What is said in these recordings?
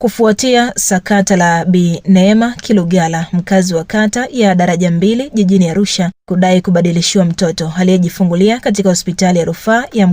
kufuatia sakata la Bi Neema Kilugala, mkazi wa kata ya Daraja Mbili jijini Arusha, kudai kubadilishiwa mtoto aliyejifungulia katika hospitali ya rufaa ya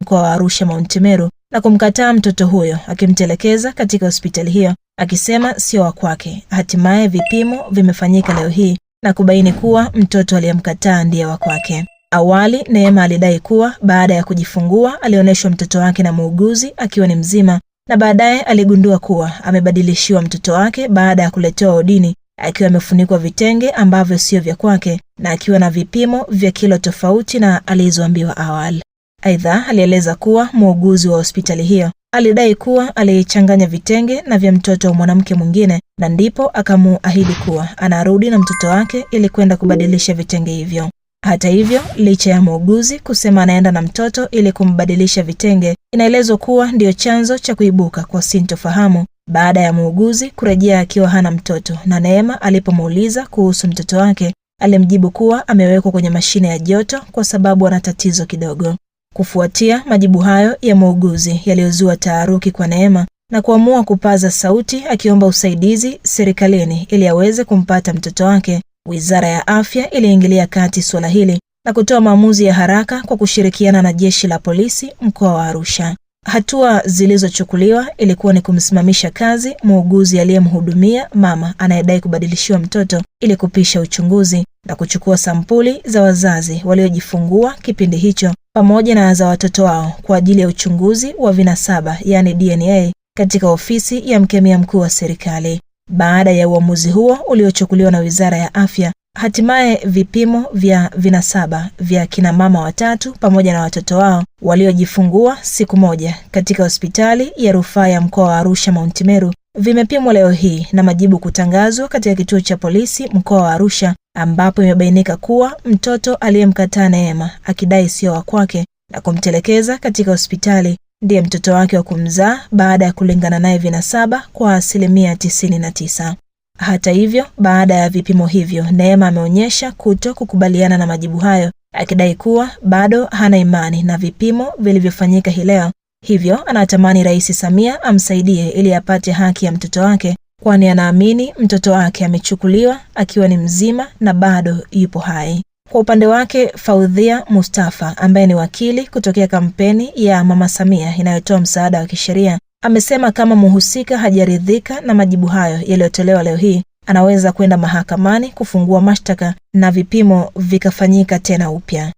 mkoa wa Arusha Mount Meru na kumkataa mtoto huyo akimtelekeza katika hospitali hiyo akisema sio wa kwake. Hatimaye vipimo vimefanyika leo hii na kubaini kuwa mtoto aliyemkataa ndiye wa kwake. Awali Neema alidai kuwa baada ya kujifungua alionyeshwa mtoto wake na muuguzi akiwa ni mzima na baadaye aligundua kuwa amebadilishiwa mtoto wake baada ya kuletewa udini akiwa amefunikwa vitenge ambavyo sio vya kwake na akiwa na vipimo vya kilo tofauti na alizoambiwa awali. Aidha, alieleza kuwa muuguzi wa hospitali hiyo alidai kuwa alichanganya vitenge na vya mtoto wa mwanamke mwingine na ndipo akamuahidi kuwa anarudi na mtoto wake ili kwenda kubadilisha vitenge hivyo. Hata hivyo, licha ya muuguzi kusema anaenda na mtoto ili kumbadilisha vitenge, inaelezwa kuwa ndiyo chanzo cha kuibuka kwa sintofahamu baada ya muuguzi kurejea akiwa hana mtoto, na Neema alipomuuliza kuhusu mtoto wake alimjibu kuwa amewekwa kwenye mashine ya joto kwa sababu ana tatizo kidogo. Kufuatia majibu hayo ya muuguzi yaliyozua taharuki kwa Neema na kuamua kupaza sauti akiomba usaidizi serikalini ili aweze kumpata mtoto wake, Wizara ya Afya iliingilia kati suala hili na kutoa maamuzi ya haraka kwa kushirikiana na jeshi la polisi mkoa wa Arusha. Hatua zilizochukuliwa ilikuwa ni kumsimamisha kazi muuguzi aliyemhudumia mama anayedai kubadilishiwa mtoto ili kupisha uchunguzi na kuchukua sampuli za wazazi waliojifungua kipindi hicho pamoja na za watoto wao kwa ajili ya uchunguzi wa vinasaba yaani DNA katika ofisi ya mkemia mkuu wa serikali. Baada ya uamuzi huo uliochukuliwa na Wizara ya Afya, hatimaye vipimo vya vinasaba vya kina mama watatu pamoja na watoto wao waliojifungua siku moja katika Hospitali ya Rufaa ya Mkoa wa Arusha Mount Meru vimepimwa leo hii na majibu kutangazwa katika Kituo cha Polisi Mkoa wa Arusha ambapo imebainika kuwa mtoto aliyemkataa Neema akidai sio wa kwake na kumtelekeza katika hospitali ndiye mtoto wake wa kumzaa baada ya kulingana naye vinasaba kwa asilimia 99. Hata hivyo, baada ya vipimo hivyo, Neema ameonyesha kuto kukubaliana na majibu hayo akidai kuwa bado hana imani na vipimo vilivyofanyika hii leo, hivyo anatamani Rais Samia amsaidie ili apate haki ya mtoto wake, kwani anaamini mtoto wake amechukuliwa akiwa ni mzima na bado yupo hai. Kwa upande wake Faudhia Mustafa ambaye ni wakili kutokea kampeni ya Mama Samia inayotoa msaada wa kisheria amesema kama mhusika hajaridhika na majibu hayo yaliyotolewa leo hii, anaweza kwenda mahakamani kufungua mashtaka na vipimo vikafanyika tena upya.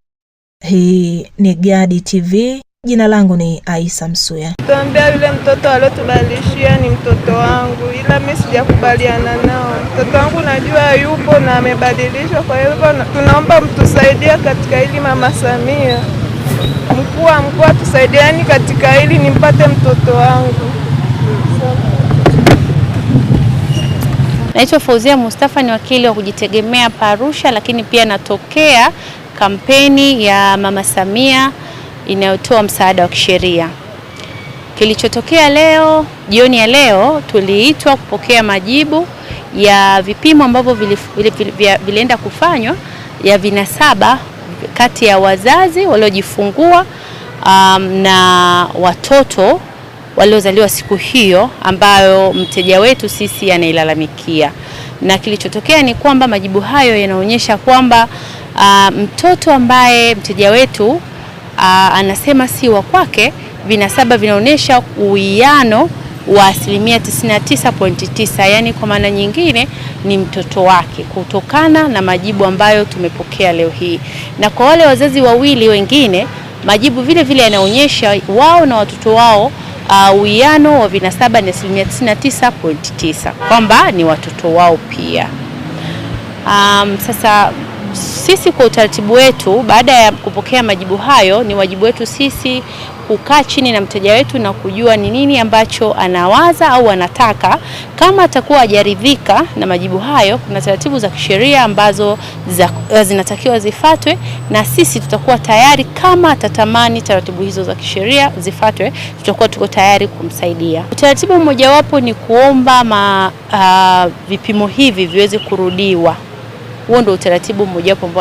Hii ni Gadi TV. Jina langu ni Aisa Msuya. Tuambia yule mtoto aliotubadilishia ni mtoto wangu, ila mimi sijakubaliana nao. Mtoto wangu najua yupo na amebadilishwa, kwa hivyo tunaomba mtusaidia katika hili, Mama Samia, mkuu wa mkoa, tusaidiani katika hili nimpate mtoto wangu. Naitwa Fauzia Mustafa, ni wakili wa kujitegemea hapa Arusha, lakini pia natokea kampeni ya Mama Samia inayotoa msaada wa kisheria. Kilichotokea leo jioni ya leo, tuliitwa kupokea majibu ya vipimo ambavyo vilienda kufanywa ya vinasaba kati ya wazazi waliojifungua um, na watoto waliozaliwa siku hiyo ambayo mteja wetu sisi anailalamikia, na kilichotokea ni kwamba majibu hayo yanaonyesha kwamba uh, mtoto ambaye mteja wetu uh, anasema si wa kwake. Vinasaba vinaonyesha uwiano wa asilimia 99.9, yaani kwa maana nyingine ni mtoto wake, kutokana na majibu ambayo tumepokea leo hii. Na kwa wale wazazi wawili wengine, majibu vile vile yanaonyesha wao na watoto wao ah, uwiano uh, wa vinasaba ni asilimia 99.9, kwamba ni watoto wao pia. Um, sasa sisi kwa utaratibu wetu, baada ya kupokea majibu hayo, ni wajibu wetu sisi kukaa chini na mteja wetu na kujua ni nini ambacho anawaza au anataka. Kama atakuwa hajaridhika na majibu hayo, kuna taratibu za kisheria ambazo za, eh, zinatakiwa zifatwe, na sisi tutakuwa tayari. Kama atatamani taratibu hizo za kisheria zifatwe, tutakuwa tuko tayari kumsaidia. Utaratibu mmojawapo ni kuomba ma, uh, vipimo hivi viweze kurudiwa. Huo ndio utaratibu mmojawapo ambao